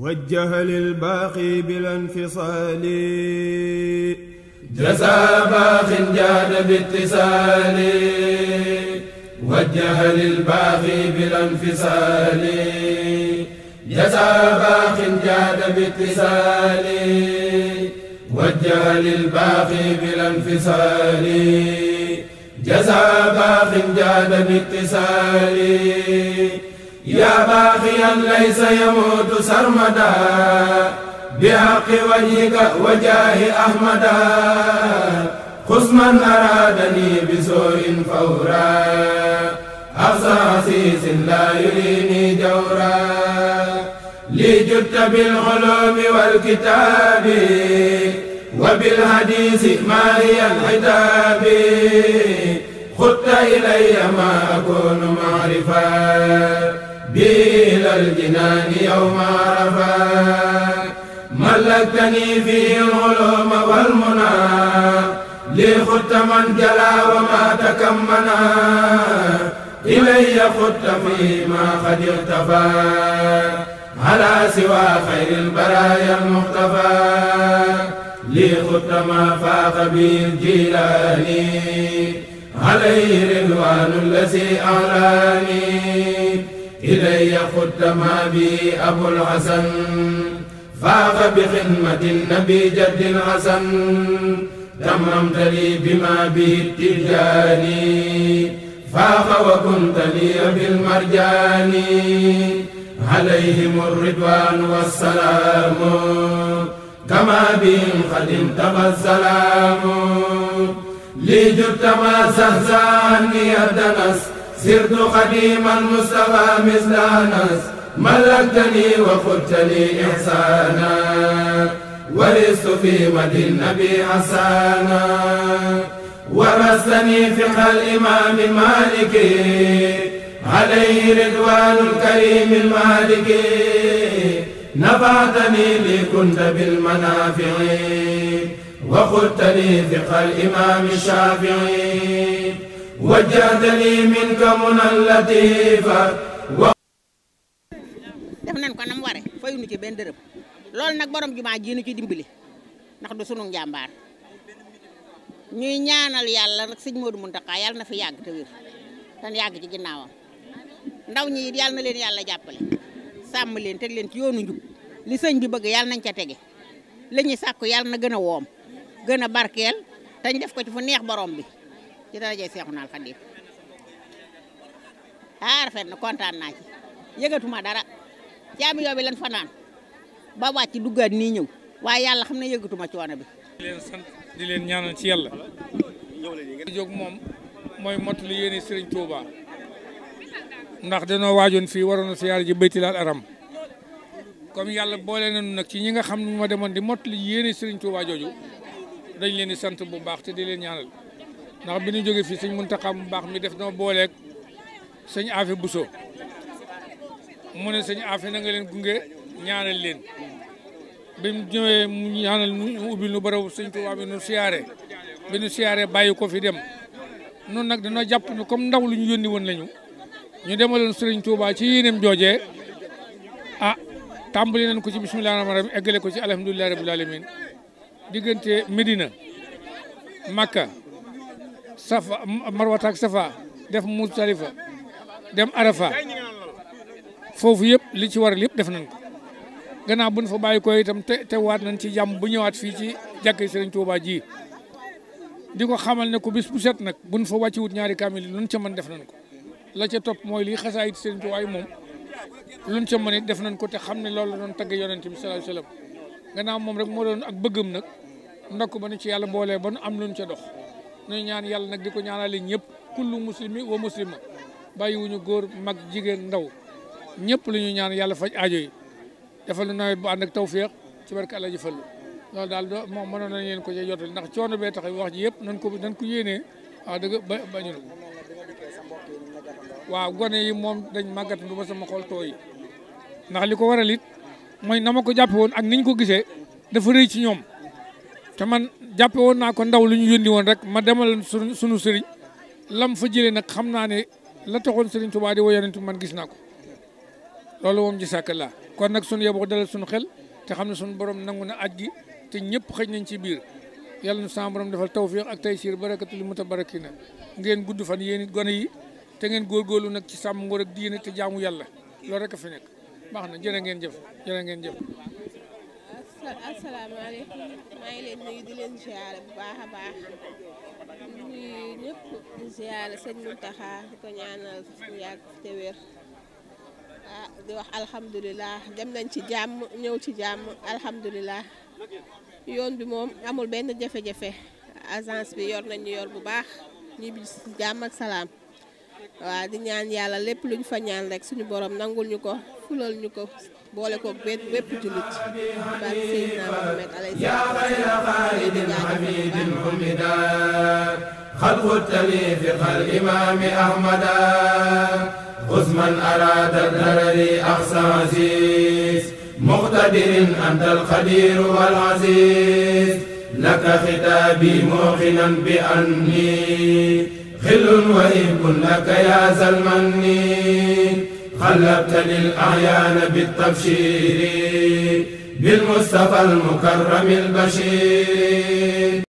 wajjaha lilbaaqi bil infisaali jazaa baaxin jaada bittisaali wajjaha lilbaaqi bil infisaali jazaa baaxin jaada bittisaali wajjaha lilbaaqi bil infisaali jazaa baaxin jaada bittisaali يا باغيا ليس يموت سرمدا بحق وجهك وجاه أحمدا خذ من أرادني بسوء فورا أقصى عسيس لا يريني جورا لجدت بالعلوم والكتاب وبالحديث ما هي العتاب خدت إلي ما أكون معرفا بلا الجنان يوم عرفات ملكتني في العلوم والمنى لخدت من جلا وما تكمنا إلي خدت فيما قد اختفى على سوى خير البرايا المختفى لي خدت ما فاق بي الجيلاني عليه رضوان الذي أعلاني إلي خدما بي أبو الحسن فاق بخدمة النبي جد الحسن تممت لي بما به التجاني فاق وكنت لي بالمرجان عليهم الرضوان والسلام كما بهم قد انتقى السلام لي جبت ما سهزاني الدنس سرت خديما مصطفى مثل أنس ملكتني وخدتني إحسانا ورثت في مد النبي حسانا ورثني فقه الإمام مالك عليه رضوان الكريم المالك نفعتني لكنت بالمنافع وخدتني فقه الإمام الشافعي wajjahta lii minka munan latifa def nañ ko nam ci benn dërëm loolu nag borom jumaa ji nu ci dimbali ndax du sunu njàmbaar ñuy ñaanal yàlla nag sëñ Modou Mountakha yàlla na fi yàgg te wér tan yàgg ci ginnaawam ndaw ñi it yàlla na leen yàlla jàppale sàmm leen teg leen ci yoonu njub li sëñ bi bëgg yàlla nañ ca tege la ñuy sàkku yàlla na gën a woom gën a barkeel tañ def ko ci fu neex boroom bi ci darajay Seexunal Xadiim ah rafet na kontaan naa ci yëgatuma dara caami yoo bi lan fanaan ba wàcc duggaat nii ñëw waaye yàlla xam ne yëgatuma coono bi. di leen sant ñaanal ci yàlla. jog moom mooy mottali yéene sëriñ Touba. ndax danoo waajoon fii waroon na siyaare ji Baytil Haram comme yàlla boole nañu nag ci ñi nga xam ne ma demoon di mottali yéene Serigne Touba jooju dañ leen di sant bu baax te di leen ñaanal. ndax bi ñu jógee fii sëñ Muntaxa mu baax mi def na booleeg sëñ Afe Buso mu ne sëñ Afe na leen gunge ñaanal leen bi mu ñëwee mu ñaanal ñu ubbil nu barabu sëñ Tuubaa bi nu siyaare bi siyaare bàyyi ko fi dem noonu nag dañoo jàpp ne comme ndaw lu ñu yónni woon lañu ñu demaloon sëriñ Tuubaa ci yéeneem jooje ah tàmbali nañ ko ci bisimilah rahmaani rahiim eggale ko ci alhamdulilah rabil alamin diggante Medina Makka. safa marwata ak safa def musdalifa dem arafa foofu yëpp li ci waral yépp def nañ ko gannaaw bu ñu fa bàyyi koy tam te te waat nañ ci jàmm bu ñëwaat fii ci jàkkee Sëriñ Tuubaa ji di ko xamal ne ko bis bu set nag buñ fa wàcci wut ñaari kaamil luñ ca man def nañ ko la ca topp mooy lii xasaayit Sëriñ Tuubaa yi moom luñ ca mën it def nañ ko te xam ne loolu la doon tagg yonent bi sallallahu alayhi moom rek moo doon ak bëggam nag ndokk ba nu ci yàlla boolee ba nu am luñ ca dox nuy ñaan yàlla nag di ko ñaanalee ñëpp kullu muslimi wa muslima bàyyiwuñu góor mag jigéen ndaw ñëpp lu ñu ñaan yàlla faj aajo yi defal nu nawet bu ànd ak tawféex ci barke Alla ji fallu daal moo moom mënoon nañ leen ko ci jotal ndax coono bee tax wax ji yëpp nañ ko nañ ko yéenee waaw dëgg ba waaw gone yi moom dañ màggat lu ba sama xol tooy ndax li ko waral it mooy na ma ko jàppe woon ak niñ ko gisee dafa rëy ci ñoom te man jàppe woon naa ko ndaw lu ñu yónni woon rek ma demal sunu sunu sëriñ lam fa jëlee nag xam naa ne la taxoon sëriñ Tuubaa di woo yonent man gis naa ko loolu moom sàkk laa kon nag sunu yeboo dalal sunu xel te xam ne sunu borom nangu na aj gi te ñëpp xëj nañ ci biir yàlla nu sama borom defal tawfiq ak taysiir barakatul mutabarakina ngeen gudd fan yéen gone yi te ngeen góorgóorlu nag ci sàmm ngor ak diine te jaamu yàlla loolu rek a fi nekk baax na jërë ngeen jëf jërë ngeen jëf. asalaamaaleykum maa ngi leen nuyu di leen ziare bu baax a ñëpp di ziare sëñ Muntaxa di ko ñaanal mu yàgg te wér ah di wax alhamdulilah dem nañ ci jàmm ñëw ci jàmm alhamdulilah yoon bi moom amul benn jafe-jafe agence bi yor nañ ñu yor bu baax ñibbi ci jàmm ak salaam. waaw di ñaan yàlla lépp luñ fa ñaan rek suñu borom nangul ñu ko fulal ñu ko boole ko bépp bépp jullit baax Seydina Muhammad alayhi ya xayra xaalidin xamidin humida xalqu tabi fi xal imaami ahmada usman arada darari axsa aziz muqtadirin anta alqadir wal aziz laka xitaabi muqinan bi anni حل وإن كنك يا ذا المن خلبت للأعيان بالتبشير بالمصطفى المكرم البشير